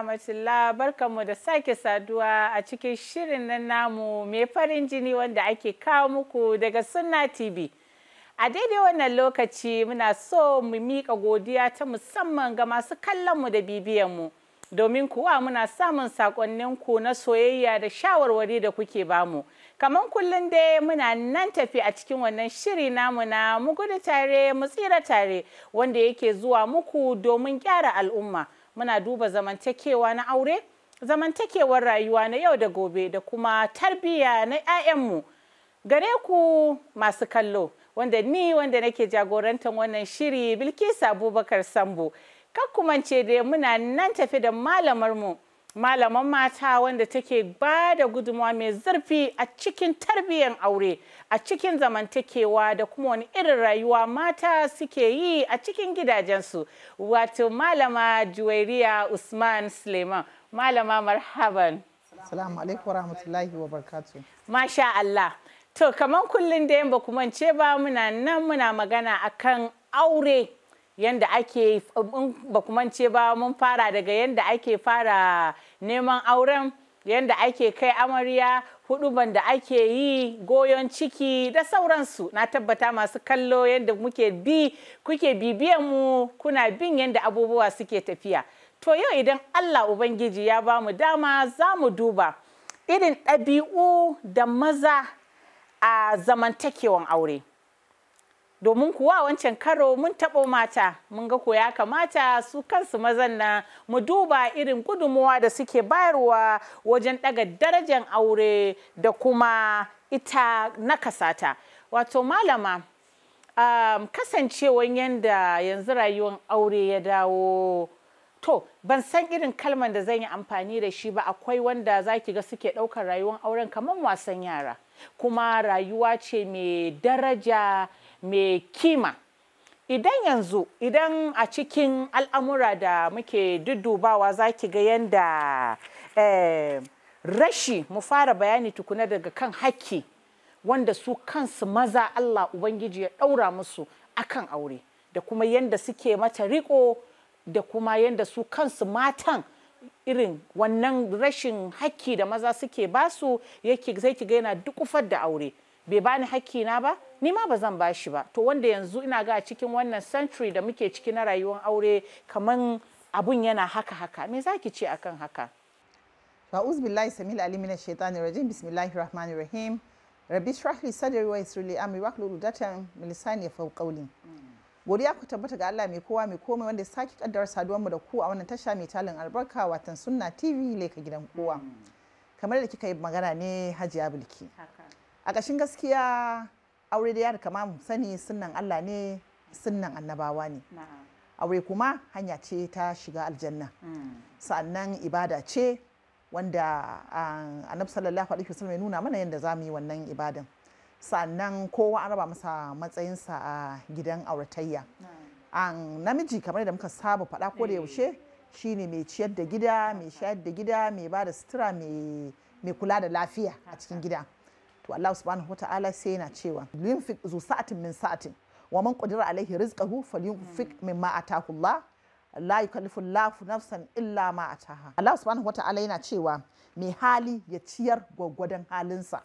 Amatilla barkanmu da sake saduwa a cikin shirin na namu mai farin jini wanda ake kawo muku daga Sunna TV. A daidai wannan lokaci muna so mu miƙa godiya ta musamman ga masu kallonmu da bibiyanmu. Domin kuwa muna samun sakonninku na soyayya da shawarwari da kuke bamu. Kamar kullum dai muna nan tafi a cikin wannan shiri namu na mu gudu tare mu tsira tare wanda yake zuwa muku domin gyara al'umma. muna duba zamantakewa na aure zamantakewar rayuwa na yau da gobe da kuma tarbiyya na 'ya'yanmu gare ku masu kallo wanda ni wanda nake jagorantar wannan shiri bilkisu abubakar sambo kakkumance da muna nan tafi da malamarmu malaman mata wanda take ba da gudunmawa mai zurfi a cikin tarbiyyar aure a cikin zamantakewa da kuma wani irin rayuwa mata suke yi a cikin gidajensu wato malama juwairiya usman suleiman malama marhaban salamu alaikum rahmatullahi wa barkatu masha allah to kamar kullum da yamma kuma ce ba muna nan muna magana akan aure yanda ake ba kuma ce ba mun fara daga yanda ake fara neman auren yanda ake kai amarya huduban da ake yi goyon ciki da sauransu na tabbata masu kallo yadda muke bi kuke bibiyan mu kuna bin yanda abubuwa suke tafiya to yau idan allah ubangiji ya ba mu dama za mu duba irin ɗabi'u da maza a zamantakewan aure domin kuwa wancan karo mun taɓo mata mun ga ko ya kamata su kansu mazan na mu duba irin gudunmuwa da suke bayarwa wajen ɗaga darajar aure da kuma ita nakasata wato malama um, kasancewan yadda yanzu rayuwar aure ya dawo to ban san irin kalman da zan yi amfani da shi ba akwai wanda za ki ga suke ɗaukar rayuwar auren kamar wasan yara kuma rayuwa ce mai daraja mai kima idan yanzu idan a cikin al'amura da muke dudubawa za ki ga yadda eh, rashi mu fara bayani tukuna daga kan haƙƙi wanda su kansu maza Allah Ubangiji ya ɗaura musu akan aure da kuma yadda suke mata riko da kuma yadda su kansu matan irin wannan rashin haƙƙi da maza suke basu yake zai ki ga yana dukufar da aure bai bani haƙƙi na ba ni ma ba zan ba shi ba to wanda yanzu ina ga cikin wannan century da muke ciki na rayuwar aure kaman abun yana haka haka me zaki ce akan haka fa'uz billahi samil ali minash shaitanir rajim bismillahir rahmanir rahim rabbi shrah li sadri wa yassir li amri wahlul udatan min lisani yafqahu qawli godiya ku tabbata ga Allah mai kowa mai komai wanda ya saki kaddar saduwar mu da ku a wannan tasha mai talin albarka watan sunna tv leka gidan kowa mm. kamar da kika yi magana ne hajiya bilki a ƙashin gaskiya aure da ya kama sani sunan Allah ne sunan annabawa ne aure kuma hanya ce ta shiga aljanna mm. sannan ibada ce wanda annabi sallallahu alaihi wasallam ya nuna mana yadda za mu yi wannan ibadan sannan kowa an raba masa matsayinsa a gidan auratayya an namiji kamar da muka saba faɗa ko da eh. yaushe shine mai ciyar da gida mai shayar da gida mai ba da sutura mai kula da lafiya a cikin gida to Allah subhanahu wataala sai yana cewa yunfiq zu sa'atin min sa'atin wa man qadira alaihi rizqahu falyunfiq mimma ataahu Allah la yukallifu Allahu nafsan illa ma ataha Allah subhanahu wataala yana cewa mai hali ya ciyar gwaggwadon halinsa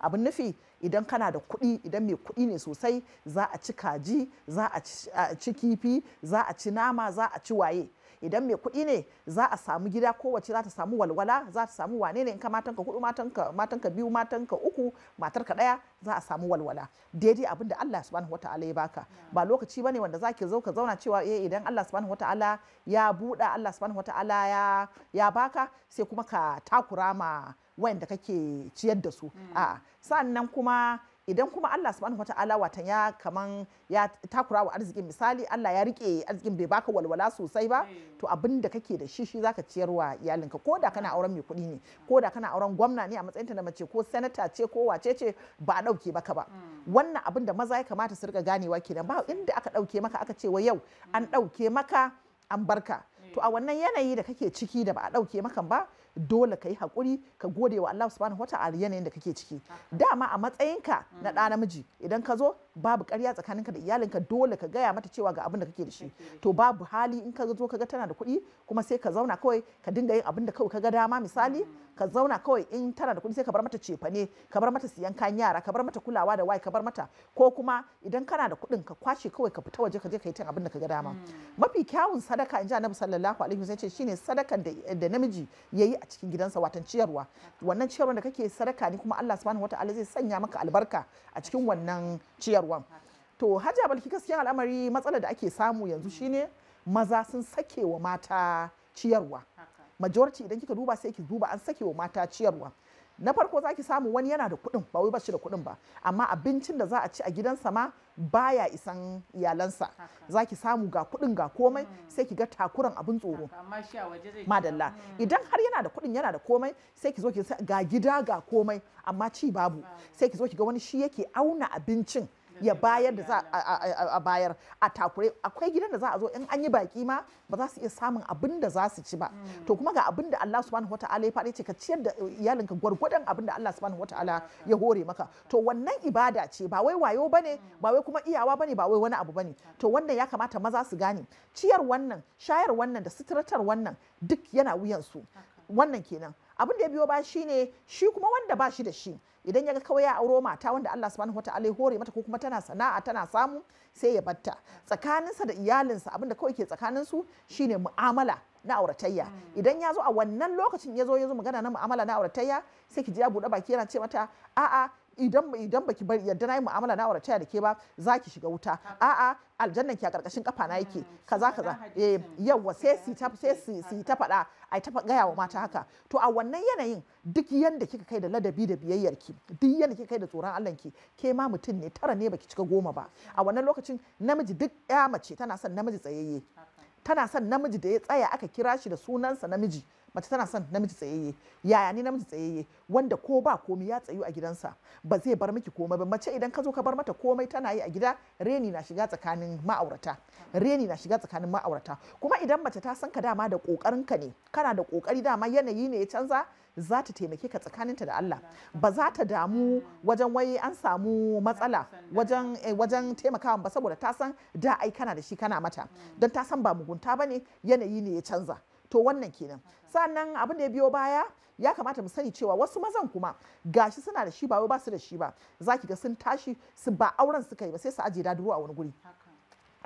abin nufi idan kana da kuɗi idan mai kuɗi ne sosai za a ci kaji za a ci kifi za a ci nama za a ci waye idan mai kuɗi ne za a samu gida kowace za ta samu walwala za ta samu wane ne in ka matanka hudu matanka biyu matanka uku matarka ɗaya za a samu walwala daidai abin da Allah subhanahu wataala ya baka ba lokaci bane wanda zaki zo ka zauna cewa eh idan Allah subhanahu wataala ya buɗa Allah subhanahu wataala ya ya baka sai kuma ka takura ma wayanda kake ciyar da su hmm. a'a sannan kuma idan kuma Allah subhanahu wata'ala watan ya kaman ya takura wa arzikin misali Allah ya rike arzikin bai baka walwala sosai ba to abin da kake da shi shi zaka ciyar wa iyalinka ko da kana auren mai kuɗi ne ko da kana auren gwamna ne a matsayin na mace ko senator ce ko wace ce ba a dauke baka ba mm. wannan abin da maza ya kamata su rika ganewa kenan ba inda aka dauke maka aka ce wa yau an dauke mm. maka an barka to a wannan yanayi da kake ciki da ba a dauke maka ba dole ka yi haƙuri ka gode wa Allah subhanahu wa ta'ala yanayin da kake ciki dama a matsayinka na ɗa namiji idan ka zo babu ƙarya tsakaninka da iyalinka dole ka gaya mata cewa ga abin da kake da shi to babu hali in ka zo ka ga tana da kuɗi kuma sai ka zauna kawai ka dinga yin abin da kawai ka ga dama misali ka zauna kawai in tana da kuɗi sai ka bar mata cefane ka bar mata siyan kayan yara ka bar mata kulawa da wai ka bar mata ko kuma idan kana da kuɗin ka kwashe kawai ka fita waje ka je ka yi abin da ka ga dama hmm. mafi kyawun sadaka in ji annabi sallallahu alaihi wasallam ce shine sadakan da namiji yayi a cikin gidansa watan ciyarwa wannan ciyarwan da kake sadaka ne kuma Allah subhanahu wataala zai sanya maka albarka a cikin wannan ciyarwan to hajja balki gaskiya al'amari matsalar da ake samu yanzu shine maza sun sake wa mata ciyarwa majority idan kika duba sai ki duba an sakewa mata ciyarwa na farko zaki samu wani yana da kuɗin ba wai ba shi da kuɗin ba amma abincin da za a ci a gidansa ma baya isan iyalansa zaki samu ga kuɗin ga komai hmm. sai ki ga takuran abin tsoro madalla hmm. idan har yana da kuɗin yana da komai sai ki zo ki ga gida ga komai amma ci babu sai ki zo ki ga wani shi yake auna abincin ya bayar da za a bayar a takure akwai gidan da za a zo in an yi baki ma ba za su iya samun abin da za su ci ba hmm. to kuma ga abin da Allah subhanahu wataala ya faɗi ce ka ciyar da iyalinka gwargwadon abin da Allah subhanahu wataala ya hore maka to wannan ibada ce ba wai wayo bane hmm. ba wai kuma iyawa bane ba wai wani abu bane to wannan ya kamata maza su gane ciyar wannan shayar wannan da sutratar wannan duk yana wuyan su wannan kenan abin da ya biyo ba shine shi kuma wanda ba shi da shi idan ya ga kawai ya auro mata wanda Allah subhanahu wataala ya hore mata ko kuma tana sana'a tana samu sai ya batta tsakaninsa da iyalinsa abinda kawai ke tsakanin su shine mu'amala na auratayya mm. idan ya zo a wannan lokacin ya zo ya zo magana na mu'amala na auratayya sai ki ji ya buɗe baki yana ce mata a'a idan idan baki bari yadda nayi mu'amala na aurataya da ke ba zaki shiga wuta a'a aljannan ki a karkashin kafa na yake hmm, kaza kaza eh yawa sai si ta sai si ta faɗa ai ta gaya wa mata haka to a wannan yanayin duk yanda kika kai da ladabi da biyayyar ki duk yanda kika kai da tsoron Allah ki ke ma mutum ne tara ne baki cika goma ba a wannan lokacin namiji duk ya mace tana son namiji tsayayye tana son namiji da ya tsaya aka kira shi da sunansa namiji mace tana son namiji tsayayye yaya ne namiji tsayayye wanda ko ba komai ya tsayu a gidansa ba zai bar miki komai ba mace idan ka zo ka bar mata komai tana yi a gida reni na shiga tsakanin ma'aurata reni na shiga tsakanin ma'aurata kuma idan mace ta san ka dama da kokarin ka ne kana da kokari dama yanayi ne ya canza za ta taimake ka tsakaninta da Allah ba za ta damu wajen wai an samu matsala wajen eh, wajen taimakawa ba saboda ta san da ai kana da shi kana mata don ta san ba mugunta bane yanayi ne ya canza to wannan kenan sannan abin da ya biyo baya ya kamata mu sani cewa wasu mazan kuma gashi suna da shi ba wai ba su da shi ba zaki ga sun tashi su ba auren suka yi ba sai su ajiye daduro a wani guri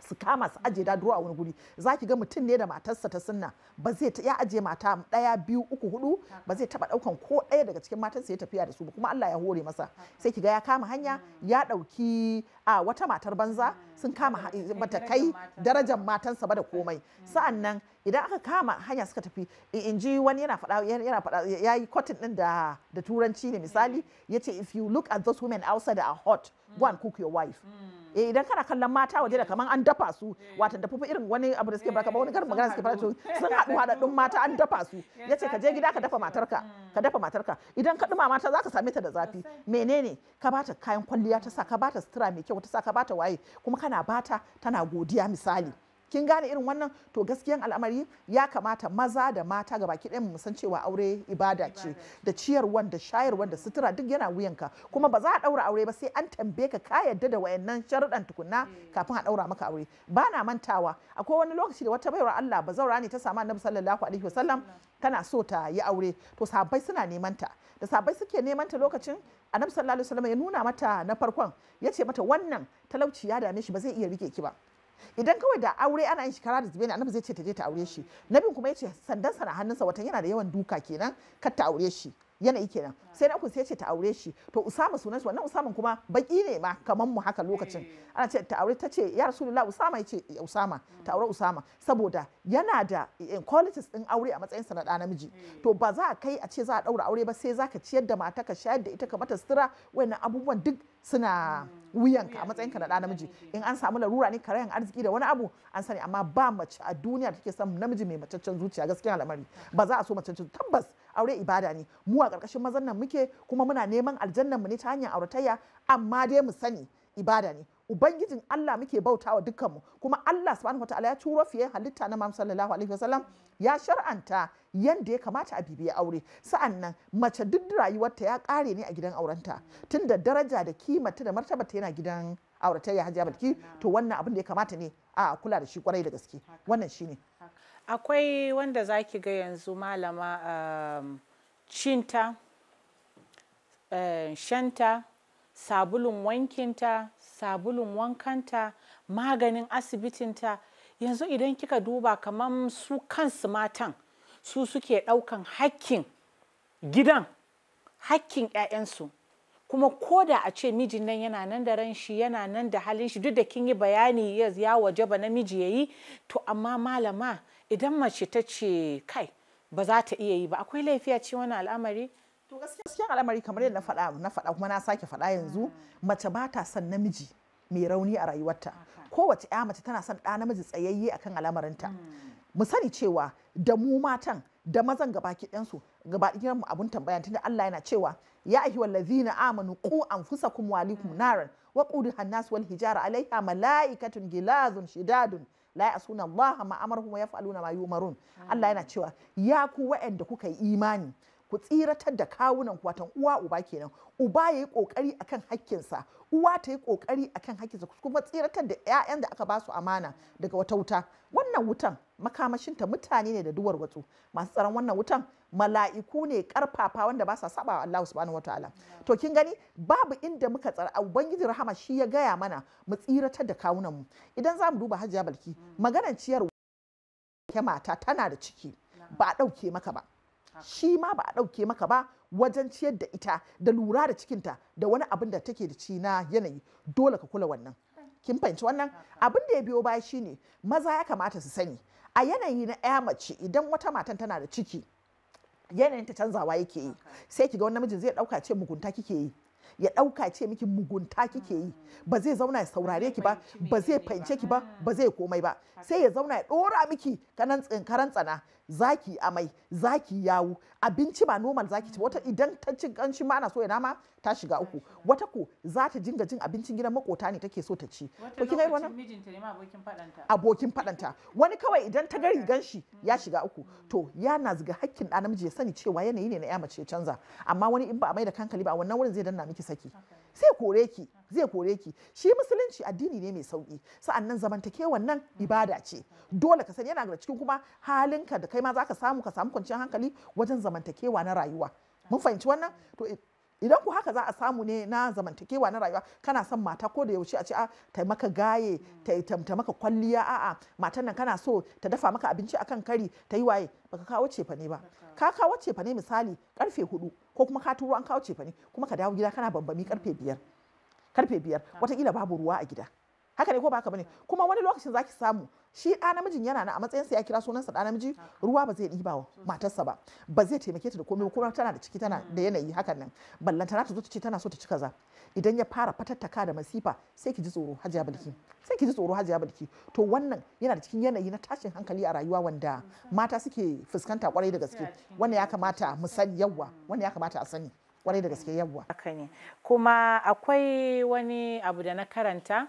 su kama su aje da a wani guri za ki ga mutum ne da matarsa ta sunna ba zai ya ajiye mata daya biyu uku hudu ba zai taba daukan ko daya daga cikin matarsa ya tafiya da su ba kuma Allah ya hore masa sai ki ga ya kama hanya ya dauki a wata matar banza sun kama eh, bata kai darajar matansa ba da komai sa'annan idan aka kama hanya suka tafi in ji wani yana faɗa yana faɗa yayi din da da turanci ne misali yace if you look at those women outside are hot go and cook your wife mm. eh idan kana kallon mata waje da kaman an dafa su wata dafa irin wani abu da suke baka ba wani garin magana suke fara sun haɗu haɗaɗɗun mata an dafa su yace ka je gida ka dafa matarka mm. ka dafa matarka idan ka duma mata zaka same ta da zafi menene ka bata kayan kwalliya ta sa ka bata sutura mai kyau ta sa ka bata waye kuma kana bata tana godiya misali kin gane irin wannan to gaskiyan al'amari ya kamata maza da mata ga baki ɗaya mu san cewa aure ibada ce da ciyar da shayarwan da sutura duk yana wuyanka kuma ba za a ɗaura aure ba sai an tambaye ka ka yadda da wayannan sharuɗan tukunna eh. kafin a ɗaura maka aure ba na mantawa akwai wani lokaci da wata baiwar Allah ba zaura ne ta samu Annabi sallallahu alaihi wasallam tana so ta yi aure to sabai suna neman ta da sabai suke neman ta lokacin Annabi sallallahu alaihi wasallam ya nuna mata na farkon ya ce mata wannan talauci ya dame shi ba zai iya rike ki ba idan kawai da aure ana yin shekara da zubeni annabi zai ce ta je ta aure shi nabin kuma ya ce sandan na hannunsa watan yana da yawan duka kenan kar ta aure shi yanayi kenan sai na uku sai ce ta aure shi to usama sunan shi wannan usaman kuma baki ne ma kaman mu haka lokacin eh. ana ce ta aure tace ya rasulullahi usama yace usama ta aure usama saboda yana da eh, qualities din aure a matsayin sanada namiji eh. to ba za a kai a ce za a daura aure ba sai zaka ciyar da mata ka shayar da ita ka mata sutura wayannan abubuwan duk suna hmm. wuyanka a matsayin ka na da namiji in an samu larura ne karayan arziki da wani abu an sani amma ba mace a duniya da take son namiji mai macaccen zuciya gaskiya al'amari ba za a so macaccen tabbas aure ibada ne mu a ƙarƙashin mazan nan muke kuma muna neman aljannan mu ne ta hanyar auratayya amma dai mu sani ibada ne ubangijin Allah muke bautawa mu kuma Allah subhanahu wataala ya turo fiye halitta na Muhammad sallallahu alaihi wasallam ya shar'anta yanda ya kamata a bibiya aure sa'annan mace duk rayuwarta ya kare ne a gidan aurenta tunda daraja da kimata da martaba ta yana gidan auratayya hajiya balki to wannan abin da ya kamata ne a kula da shi kwarai da gaske wannan shine akwai wanda za ki ga yanzu malama um, cinta eh, shanta sabulun wankinta sabulun wankanta maganin asibitinta yanzu idan kika duba kamar su kansu matan su suke daukan hakkin gidan hakkin 'ya'yansu kuma ko da a ce mijin nan yana nan da ran shi yana nan da halin shi duk da kin yi bayani ya waje ba namiji ya yi to amma malama idan mace ta ce kai ba za ta iya yi ba akwai laifiya a cikin wani al'amari to gaskiya al'amari kamar yadda na faɗa na faɗa kuma na sake faɗa yanzu ah. mace ba ta son namiji mai rauni a rayuwarta kowace ya mace tana son ɗa namiji tsayayye akan al'amarinta hmm. mu sani cewa da mu matan da mazan gabaki ɗansu gabaɗiyar mu abun tambaya tunda Allah yana cewa ya ahi wallazina amanu qu anfusakum wa alikum hmm. naran wa qudu hannas wal hijara alaiha malaikatun gilazun shidadun la yasuna Allah huma ya fi aluna ma yumarun Allah yana cewa ya ku wa'anda kuka yi imani ku tsiratar da kawunan watan uwa uba kenan uba ya yi kokari akan hakkinsa uwa ta yi kokari akan hakkinsa kuma tsiratar da 'ya'yan da aka ba su amana daga wata wuta wannan wutan makamashinta mutane ne da duwar watsu masu tsaron wannan wutan mala'iku ne karfafa wanda ba sa saba wa Allah subhanahu ta'ala to kin gani babu inda muka tsara ubangiji rahama shi ya gaya mana mu tsiratar da kawunan mu idan za mu duba hajiya balki mm. maganar ciyar ke mata tana da ciki ba a dauke maka ba shi ma ba a ɗauke maka ba wajen ciyar da ita da lura da cikinta da wani abin da take da ci na yanayi dole ka kula wannan kin fahimci wannan abin da ya biyo baya shine maza ya kamata su sani a yanayi na ya mace idan wata matan tana da ciki yanayin ta canzawa yake yi sai ki ga wani namijin zai dauka ce mugunta kike yi ya ɗauka ce miki mugunta kike yi ba zai zauna ya saurare ki ba ba zai fahimce ki ba ba zai komai ba sai ya zauna ya ɗora miki kanan tsinkaran tsana zaki amai zaki yawu abinci ba normal zaki ci wata idan ta cin kanshi ma ana so ya nama ta shiga uku wata ko za ta dinga jin abincin gidan makota ne take so ta ci to kin ga wannan mijinta ne ma abokin fadanta abokin fadanta wani kawai idan ta gari ganshi ya shiga uku to yana ziga hakkin da namiji ya sani cewa yanayi ne na ya mace canza amma wani in ba a mai da kankali ba wannan wurin zai danna miki miki saki sai kore ki zai kore ki shi musulunci addini ne mai sauki sa'annan zamantakewan nan ibada ce dole ka sani yana ga cikin kuma halinka da kai ma zaka samu ka samu kwanciyar hankali wajen zamantakewa na rayuwa mun fahimci wannan to idan ku haka za a samu ne na zamantakewa na rayuwa kana son mata ko da yaushe a ce a ah, taimaka gaye ta maka kwalliya a'a matan nan kana so ta dafa maka abinci akan kari ta yi waye baka kawo cefane ba ka kawo cefa misali karfe hudu ko kuma ka turo an kawo cefane kuma ka dawo gida kana bambami karfe biyar karfe biyar watakila babu ruwa a gida haka ne ko ba haka bane kuma wani lokacin zaki samu shi ɗa namijin yana na a matsayin sa ya kira sunansa ɗa namiji ruwa ba zai ɗiba wa matarsa ba ba zai taimake ta da komai kuma tana da ciki tana da yanayi hakan nan ballanta ta zo ta ce tana so ta ci kaza idan ya fara fatattaka da masifa sai ki ji tsoro hajiya bilki sai ki ji tsoro hajiya bilki to wannan yana da cikin yanayi na tashin hankali a rayuwa wanda mata suke fuskanta kwarai da gaske wanda ya kamata mu sani yawa wanda ya kamata a sani kwarai da gaske yawa kuma akwai wani abu da na karanta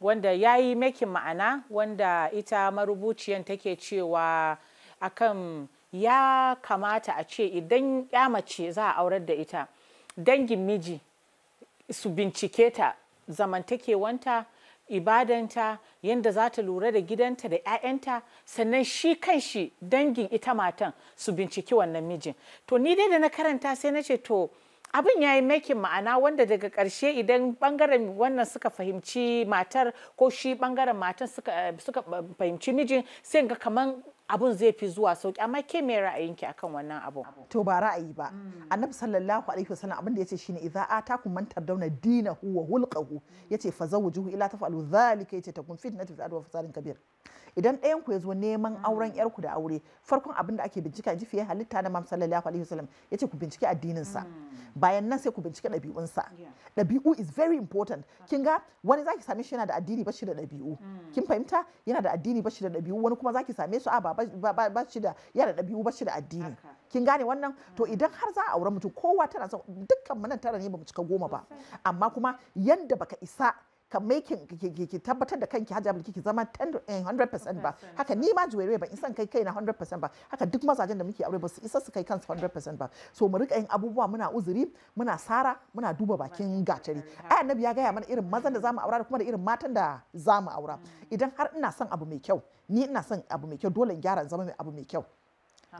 wanda ya yi makin ma'ana wanda ita marubuciyan take cewa akan ya kamata a ce idan ya mace za a aurar da ita dangin miji su bincike ta zamantakewanta ibadanta yadda za ta lura da gidanta da 'ya'yanta sannan shi kan shi dangin ita matan su binciki wannan mijin to ni dai da na karanta sai na ce to abin ya yi makin ma'ana wanda daga karshe idan bangaren wannan suka fahimci matar ko shi bangaren matar suka, fahimci mijin sai ga kamar abun zai fi zuwa sauki amma ke me ra'ayinki akan wannan abu. to ba ra'ayi ba mm. annabi sallallahu alaihi wasallam abin da yace shine idza atakum man tardawna dinahu wa hulqahu yace fazawjuhu ila taf'alu dhalika yace takun fitnatu fil ardi wa fasadin kabir idan ɗayan ku ya zo neman mm. auren yar ku da aure farkon abin da ake bincika ji fiye halitta na mam sallallahu alaihi wasallam yace ku binciki addinin sa mm. bayan nan sai ku bincike mm. ɗabi'un sa ɗabi'u is very important ah. kin ga wani zaki same shi yana da addini bashi da ɗabi'u kin fahimta yana da addini bashi da ɗabi'u wani kuma zaki same su ah, a ba ba shi da yana da ɗabi'u bashi da addini kin gane wannan to idan har za a aure mutum kowa tana son dukkan mu nan tara ne ba mu cika goma ba amma kuma yanda baka isa ka making ki tabbatar da kanki hajja mulki kiki zama 100% eh, ba haka ni ma juwere ba in san kai kai na 100% ba haka duk mazajen da muke aure ba su isa su kai kansu 100% ba so mu rika yin abubuwa muna uzuri muna sara muna duba bakin gatari ai annabi ya gaya mana irin mazan da zamu aura da kuma da irin matan da zamu aura mm. idan har ina son abu mai kyau ni ina son abu mai kyau dole in gyara in zama mai abu mai kyau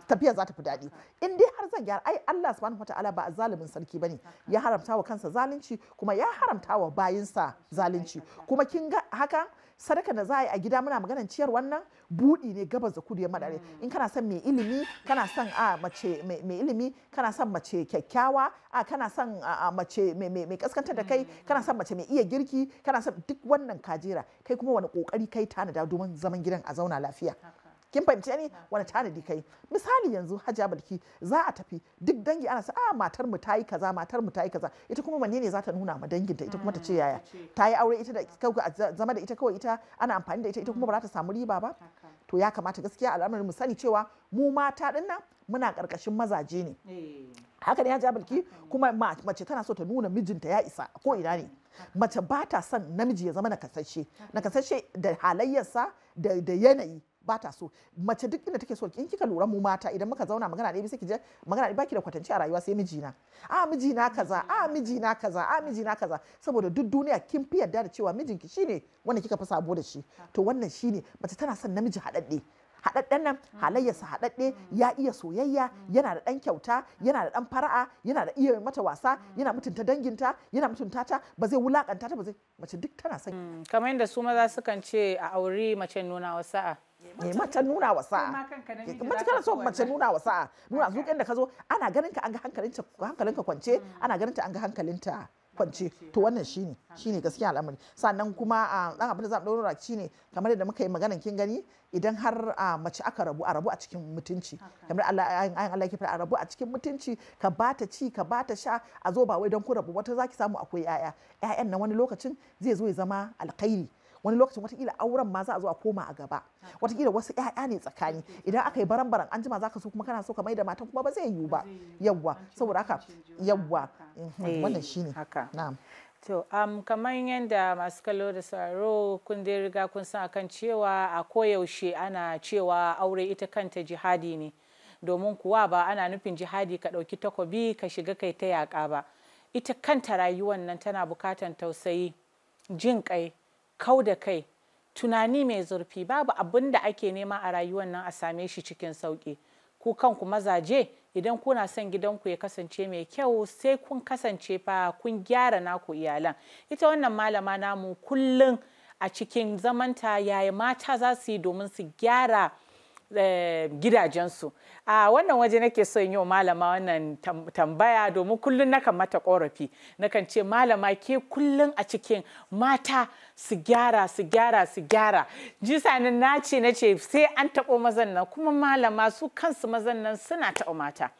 tafiya za ta fi daɗi in dai har zan gyara ai Allah subhanahu wataala ba zalimin sarki ba ne ya haramta wa kansa zalunci kuma ya haramta wa bayinsa zalunci kuma kin ga haka sadaka da za a yi a gida muna maganar ciyar wannan buɗi ne gabas da kudu ya madare in kana son mai ilimi kana son a mace mai ilimi kana son mace kyakkyawa a kana son mace mai kaskantar da kai mm. kana son mace mai iya girki kana son duk wannan kajera kai kuma wani kokari kai tanada domin zaman gidan a zauna lafiya kin fahimci ne wani tanadi kai misali yanzu hajiya balki za a tafi duk dangi ana sa a ah, matar mu tayi kaza matar mu tayi kaza ita kuma manene za ta nuna ma danginta ita kuma ta ce yaya ah, ta yi aure ita da kawai zama da ita kawai ita ana amfani da ita ita kuma ba za ta samu riba ba to ya kamata gaskiya al'amarin mu sani cewa mu mata din nan muna karkashin mazaje ne eh. haka ne hajiya balki kuma mace tana so ta nuna mijinta ya isa ko ina ne mace ba ta son namiji ya zama na kasashe na kasashe da halayyarsa da yanayi ba ta so mace duk inda take so in kika lura mu mata idan muka zauna magana ɗaya sai ki je magana ɗaya baki da kwatanci a rayuwa sai mijina a mijina kaza a mijina kaza a mijina kaza saboda duk duniya kin fi yarda da cewa mijinki shine wanda kika fi sabo da shi to wannan shine mace tana son namiji haɗaɗɗe haɗaɗɗen nan mm. halayyarsa haɗaɗɗe mm. ya iya soyayya mm. yana da ɗan kyauta yana da ɗan fara'a yana da iya mata wasa yana mutunta danginta yana mutunta ta ba zai wulakanta ta ba zai mace duk tana son kamar yadda su maza sukan ce a auri mace nuna wasa'a ne mace nuna wa sa'a mace kana so mace nuna wa sa'a nuna duk inda ka zo ana ganin ka an ga hankalinta hankalinka kwance mm. ana ganin ta an ga hankalinta kwance to wannan shine shine gaskiya al'amari sannan kuma ah, dan abin da za mu daura ne kamar yadda muka yi magana kin gani idan har ah, mace aka rabu a rabu a cikin mutunci kamar Allah ayin ah, Allah ke fara a rabu a cikin mutunci ka bata ci ka bata sha a zo ba wai don ku rabu wata zaki samu akwai yaya yayan nan wani lokacin zai zo ya zama alkhairi wani lokacin watakila auren ma za a zo a koma a gaba watakila wasu 'ya'ya ne tsakani idan aka yi baran baran an jima zaka so kuma kana so ka mai da matan kuma ba zai yiwu ba yawwa saboda haka yawwa mhm. eh, wannan shine haka na'am To, um, kamar yadda masu kallo da sauraro kun dai riga kun san akan cewa a koyaushe ana cewa aure ita kanta jihadi ne. Domin kuwa ba ana nufin jihadi ka ɗauki takobi ka shiga kai ta yaka ba. Ita kanta rayuwan nan tana bukatan tausayi, jin kai. kau da kai tunani mai zurfi babu abin da ake nema a rayuwar nan a same shi cikin sauƙi ku kanku mazaje idan kuna son gidanku ya kasance mai kyau sai kun kasance fa kun gyara naku iyalan ita wannan malama namu kullum a cikin zamanta yaya mata za su yi domin su gyara Eh, gidajensu a wannan waje nake so yi wa malama wannan tambaya domin kullum nakan mata korafi nakan ce malama ke kullum a cikin mata su gyara su gyara su gyara jisa na ce na ce sai an taɓo mazan nan kuma malama su kansu mazan nan suna taɓa mata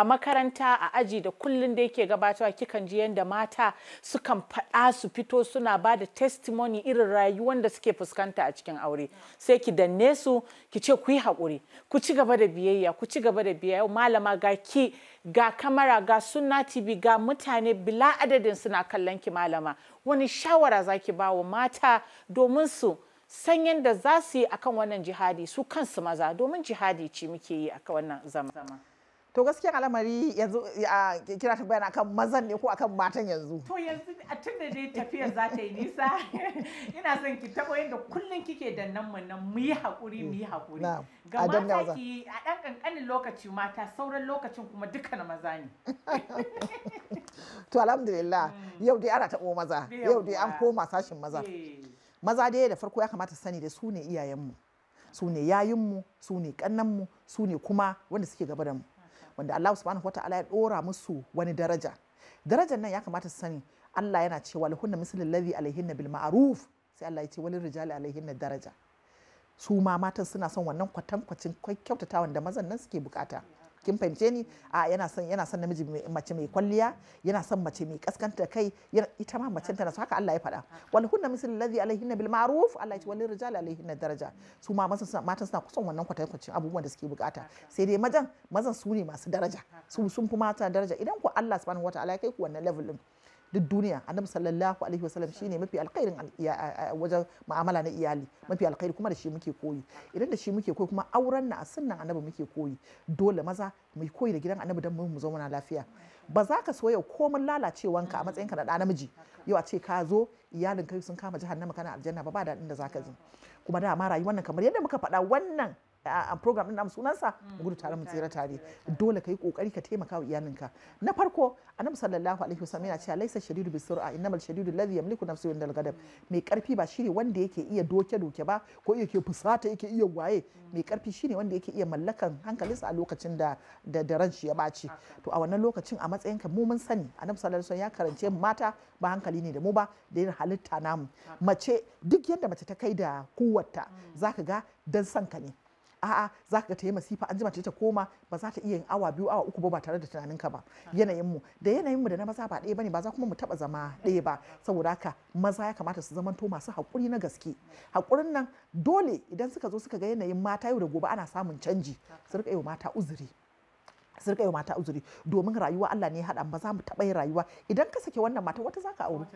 a makaranta a aji da kullum da yake gabatawa kikan ji yadda mata sukan faɗa su fito suna ba da testimony irin rayuwar da suke fuskanta a cikin aure sai ki danne su ki ce ku yi haƙuri ku ci gaba da biyayya ku ci gaba da biyayya malama ga ki ga kamara ga sunna tv ga mutane bila adadin suna kallon ki malama wani shawara zaki ba wa mata domin su san yadda za su yi akan wannan jihadi su kansu maza domin jihadi ce muke yi a wannan zama. to gaskiya al'amari yanzu a kira ta bayana akan mazan ne ko akan matan yanzu to yanzu a tun da dai tafiyar za ta yi nisa ina son ki taɓa yadda kullum kike da nan mu nan mu yi haƙuri mu yi haƙuri ga mata ki a ɗan ƙanƙanin lokaci mata sauran lokacin kuma dukkan maza ne to alhamdulillah mm. yau dai ana taɓo maza yau dai an koma sashin maza eh. maza dai da farko ya kamata sani da su ne iyayenmu su ne yayinmu su ne kannanmu su ne kuma wanda suke gaba da mu wanda Allah subhanahu ta'ala ya dora musu wani daraja darajar nan ya kamata su sani Allah yana cewa lahunna mislul ladhi alaihinna bil ma'ruf sai Allah ya ce walil rijali alaihinna daraja su ma matan suna son wannan kwatankwacin kyautatawan da mazan nan suke bukata kin fahimce ni a yana son yana son namiji mace mai kwalliya yana son mace mai kaskanta kai ita ma mace tana so haka Allah ya faɗa wal hunna misl alladhi alaihinna bil ma'ruf Allah ya ce wal rijal alaihinna daraja su ma matan suna kusan wannan kwatankwacin abubuwan da suke bukata sai dai mazan mazan su ne masu daraja su sun fi mata daraja idan ku Allah subhanahu wataala ya kai ku wannan level din duk duniya annabi sallallahu alaihi wasallam shine mafi alkhairin wajen mu'amala na iyali mafi alkhairi kuma da shi muke koyi idan da shi muke koyi kuma auren na a sunnan annabi muke koyi dole maza mu koyi da gidan annabi dan mu zauna lafiya ba za ka soya komai lalacewanka a matsayinka na ɗa namiji yau a ce ka zo iyalin kai sun kama jahannama kana aljanna ba ba daɗin da za ka je kuma da dama rayuwar nan kamar yadda muka faɗa wannan a program din namu sunansa mu mm, gudu tare mu tsira tare dole kai kokari ka taimaka wa iyalinka na farko annabi sallallahu alaihi wasallam yana cewa laisa shadidu bisur'a innamal shadidu alladhi yamliku nafsu inda al mai karfi ba shine wanda yake iya doke doke ba ko yake fusata yake iya waye mm. mai karfi shine wanda yake iya mallakan hankalinsa a lokacin da da ran shi ya baci to a wannan lokacin a matsayinka mu mun sani annabi sallallahu alaihi wasallam ya karance mata ba hankali ne da mu ba da yin halitta namu mace duk yadda mace ta kai da kuwarta mm. zaka ga dan sanka ne a'a za ka ta yi masifa an jima ta koma ba za ta iya yin awa biyu awa uku ba tare da tunaninka ba yanayin mu da yanayin mu da na maza ba ɗaya bane ba za kuma mu taba zama ɗaya ba saboda haka maza ya kamata su zamanto masu hakuri na gaske haƙurin nan dole idan suka zo suka ga yanayin mata yau da gobe ana samun canji su rika yi mata uzuri su rika yi mata uzuri domin rayuwa Allah ne ya haɗa ba za mu taɓa yin rayuwa idan ka sake wannan mata wata zaka aure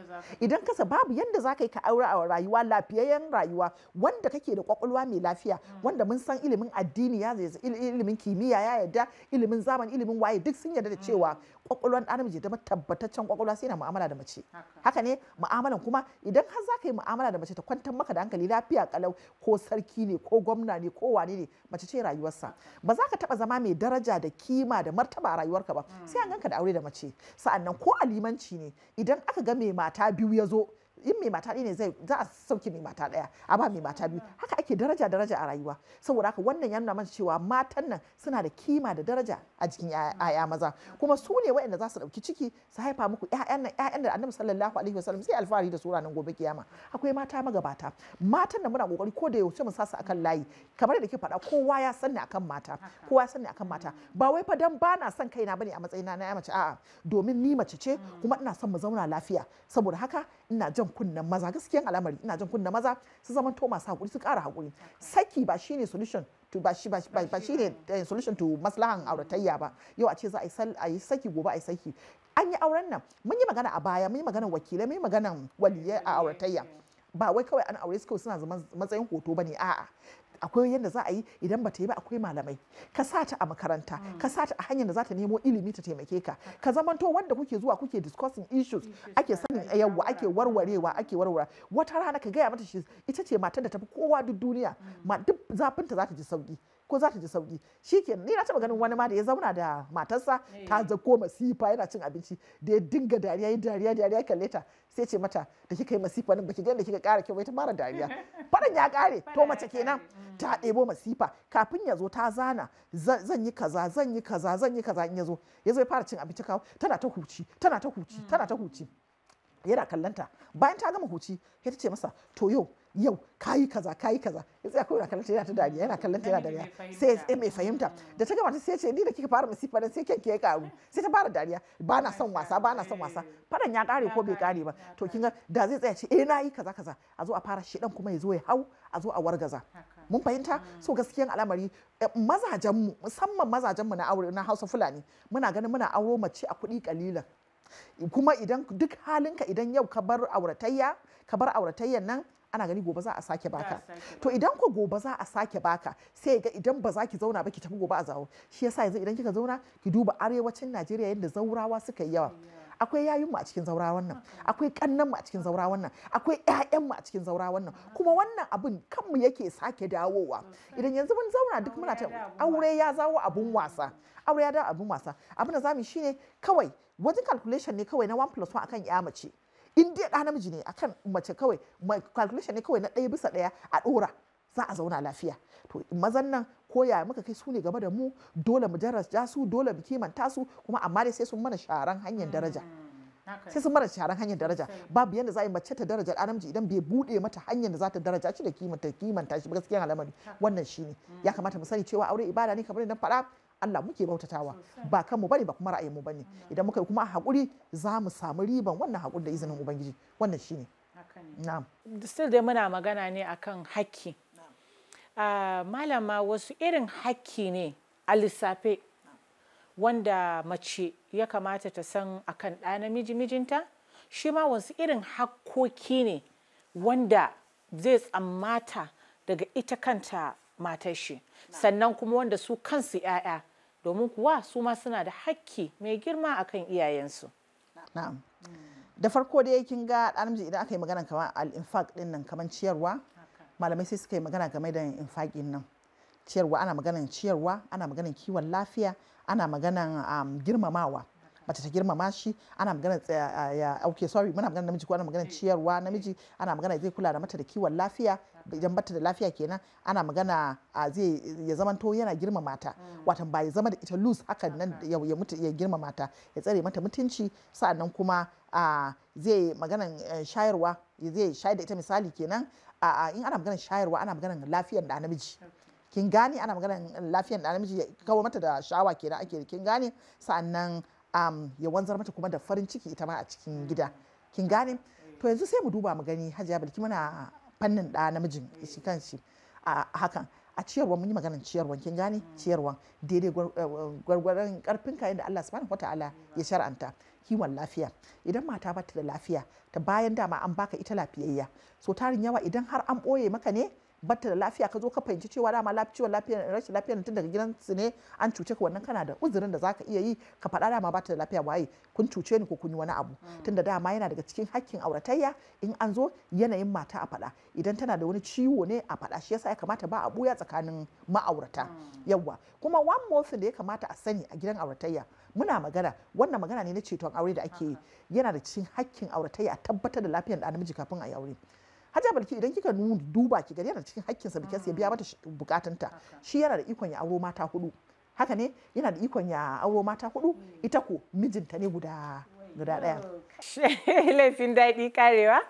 idan ka sa babu yanda ka yi ka aure a rayuwa lafiyayyen rayuwa wanda kake da kwakwalwa mai lafiya hmm. wanda mun san ilimin addini ya zai ilimin kimiyya ya yarda ilimin zamani ilimin waye duk sun yarda da hmm. cewa kwakwalwan ɗan namiji da tabbataccen kwakwalwa sai na mu'amala da mace haka ne mu'amalan kuma idan har zaka yi mu'amala da mace ta kwantar maka da hankali lafiya kalau ko sarki ne ko gwamna ne ko wane ne mace ce rayuwarsa ba za ka taɓa zama mai daraja da kima kima da martaba a rayuwarka ba sai an ganka da aure da mace sa'annan ko alimanci ne idan aka ga mai mata biyu ya zo in mai mata ne zai za a sauke mai mata ɗaya a ba mai mata biyu mm-hmm. haka ake daraja daraja a rayuwa saboda haka wannan ya nuna mana cewa matan nan suna da kima da daraja a jikin mm-hmm. yaya maza kuma su ne waɗanda za su ɗauki ciki su haifa muku ƴaƴan nan ƴaƴan da annabi sallallahu alaihi wasallam sai alfahari da su ranar gobe kiyama akwai mata magabata matan da muna kokari ko da yaushe mu sasa akan layi kamar da ke faɗa kowa ya sanni akan mata kowa ya sanni akan mata mm-hmm. ba wai fa dan ba na son kaina bane a matsayina na ya mace a'a domin ni mace ce kuma ina son mu zauna lafiya saboda haka ina jan kunnen maza gaskiyan al'amari ina jan kunnen maza su zama to masu hakuri su kara hakuri saki ba shine solution to ba shi ba shine eh, solution to maslahan auratayya ba yau a ce za a yi saki gobe a yi saki an yi auren nan mun yi magana a baya mun yi magana wakilai mun yi magana waliyai a auratayya ba wai kawai an aure su kawai suna zama matsayin hoto bane a'a akwai yadda za a yi idan ba ta yi ba akwai malamai ka sa ta a makaranta mm. ka sa ta a hanyar da za ta nemo ilimi ta taimake ka ka zamanto wanda kuke zuwa kuke discussing issues ake sanin yawwa ake warwarewa ake warware wata rana ka gaya mata shi ita ce matar da tafi kowa duk duniya mm. ma duk zafinta za ta ji sauki ko za ta ji sauki ke ni na taba ganin wani ma da ya zauna da matarsa ta eh. zako masifa yana cin abinci da ya dinga dariya dariya dariya kalle ta sai ce mata da kika yi masifa nan baki gani da kika kara kyau bai ta mara dariya fadan ya kare to mace kenan mm. ta ɗebo masifa kafin ya zo ta zana zan yi kaza zan yi kaza zan yi kaza in ya zo ya zo ya fara cin abinci kawo tana ta huci tana ta huci tana ta huci mm. yana kallanta bayan ta gama huci ya ta ce masa to yau yau kayi kaza kayi kaza ya tsaya kawai na kallon yana ta dariya yana kallon yana dariya sai ya mai fahimta da ta gama ta sai ce ni da kika fara masifa dan sai kyanki ya karu sai ta fara dariya ba na son wasa ba na son wasa fadan ya kare ko bai kare ba to kin ga da zai tsaya ce eh nayi kaza kaza a zo a fara shi dan kuma ya zo ya hau a zo a wargaza mun fahimta so gaskiyan al'amari eh, mazajen mu musamman mazajen mu na aure na Hausa Fulani muna ganin muna auro mace a kuɗi kalilan kuma idan duk halinka idan yau ka bar auratayya ka bar auratayyan nan ana gani gobe za a sake baka to idan ko gobe za a sake baka sai ga idan ba za ki zauna ba ki tafi gobe a zawo shi yasa yanzu idan kika zauna ki duba arewacin Najeriya yadda zaurawa suka yi yawa akwai yayin mu a cikin zaura wannan akwai kannan mu a cikin zaura wannan akwai ƴaƴan mu a cikin zaura wannan kuma wannan abin kanmu yake sake dawowa idan yanzu mun zauna duk muna ta aure ya zawo abun wasa aure ya dawo abun wasa abin da zamu shine kawai wajen calculation ne kawai na 1 plus 1 akan ƴa mace in dai ɗa namiji ne akan mace kawai calculation ne kawai na ɗaya bisa ɗaya a ɗora za a zauna lafiya to mazan nan ko ya muka kai su ne gaba da mu dole mu daraja su dole mu kimanta su kuma amma dai sai sun mana sharan hanyar daraja mm, sai sun mana sharan hanyar daraja babu yadda za a yi mace ta daraja ɗa namiji idan bai buɗe mata hanyar da za ta daraja shi da kimanta kimanta shi gaskiyan al'amari wannan shine ya mm. kamata mu sani cewa aure ibada ne kamar na faɗa Allah muke bautatawa ba kanmu bane ba kuma ra'ayin mu bane idan muka yi kuma hakuri za mu samu riban wannan hakuri da izinin ubangiji wannan shine na'am still dai muna magana ne akan hakki ah, malama wasu irin hakki ne alisafe wanda mace ya kamata ta san akan ɗa namiji mijinta shi ma wasu irin hakkoki ne wanda zai tsammata daga ita kanta matar shi sannan kuma wanda su kansu 'ya'ya domin kuwa su ma suna da hakki mai girma akan iyayensu na'am da farko dai kin ga namiji idan aka yi magana kamar al-infaq din nan kamar ciyarwa malamai sai suka yi magana game da ɗin nan ciyarwa ana maganan ciyarwa ana maganan kiwon lafiya ana maganan um, girmamawa mace ta girmama shi ana magana ya auke sorry muna magana namiji ko ana magana ciyarwa namiji ana magana zai kula da mata da kiwon lafiya idan bata da lafiya kenan ana magana a zai ya zamanto yana girmama mata mm. watan ba ya zama da ita loose hakan nan ya mutu ya girma mata ya tsare mata mutunci sa'annan kuma zai maganan eh, shayarwa zai shayar da ita misali kenan in ana maganan shayarwa ana maganan lafiyar da namiji kin gane ana maganan lafiyar da namiji kawo mata da shawa kenan ake kin gane sa'annan ya wanzar mata kuma da farin ciki ita ma a cikin mm. gida kin gane eh. to yanzu sai mu duba mu gani hajiya bilki muna fannin ɗa namijin shi kan shi a hakan a ciyarwa mun yi maganar ciyarwa kin gane ciyarwa daidai eh, gwargwaran karfin kayan da Allah subhanahu wataala ya shar'anta kiwon lafiya idan mata ba ta da lafiya ta bayan dama an baka ita lafiyayya so tarin yawa idan har an ɓoye maka ne bata da lafiya ka zo ka fahimci cewa dama lafiyar lafiyar rashin lafiyar tun daga gidan su ne an cuce ka wannan kana da uzurin da zaka iya yi ka faɗa dama bata da lafiya waye kun cuce ni ko kun yi wani abu hmm. tunda dama yana daga cikin hakkin auratayya in an zo yanayin mata a faɗa idan tana da wani ciwo ne a faɗa shi yasa ya kamata ba a buya tsakanin ma'aurata hmm. yawwa kuma one more thing da ya kamata a sani a gidan auratayya muna magana wannan magana ne na ceton aure da ake yi yana da cikin hakkin auratayya a tabbatar da lafiyar da namiji kafin a yi aure hajja balki idan kika duba ki gari yana cikin hakkinsa bikin ya biya mata bukatunta shi yana da ikon ya auro mata hudu haka ne yana da ikon ya auro mata hudu hmm. ita ko mijinta ne guda guda daya laifin daɗi karewa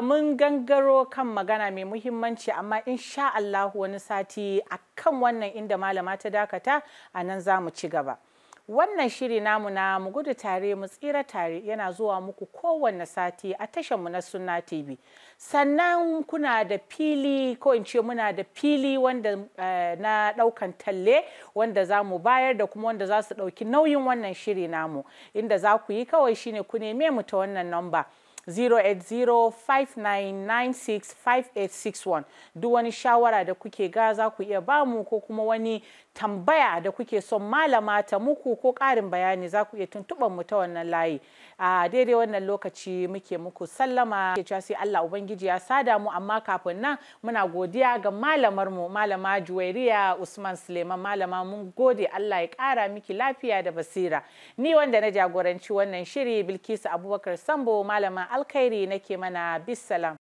mun gangaro kan magana mai muhimmanci amma insha Allahu wani sati akan wannan inda malama ta dakata a nan za mu ci gaba. Wannan shiri namu na mu gudu tare mu tsira tare yana zuwa muku kowanne sati a tashanmu na Sunna TV. Sannan kuna da fili ko in ce muna da fili wanda eh, na ɗaukan talle wanda za mu bayar da kuma wanda za su ɗauki nauyin wannan shiri namu inda za ku yi kawai shine ku neme mu ta wannan namba. 08059965861 duk wani shawara da kuke ga za ku iya bamu ko kuma wani tambaya da kuke son malama ta muku ko ƙarin bayani za ku iya tuntuɓar mu ta wannan layi a daidai wannan lokaci muke muku sallama ke cewa sai Allah ubangiji ya sada mu amma kafin nan muna godiya ga malamar mu malama Juwairiya Usman Suleiman malama mun gode Allah ya ƙara miki lafiya da basira ni wanda na jagoranci wannan shiri Bilkisu Abubakar Sambo malama alkhairi nake mana bisalam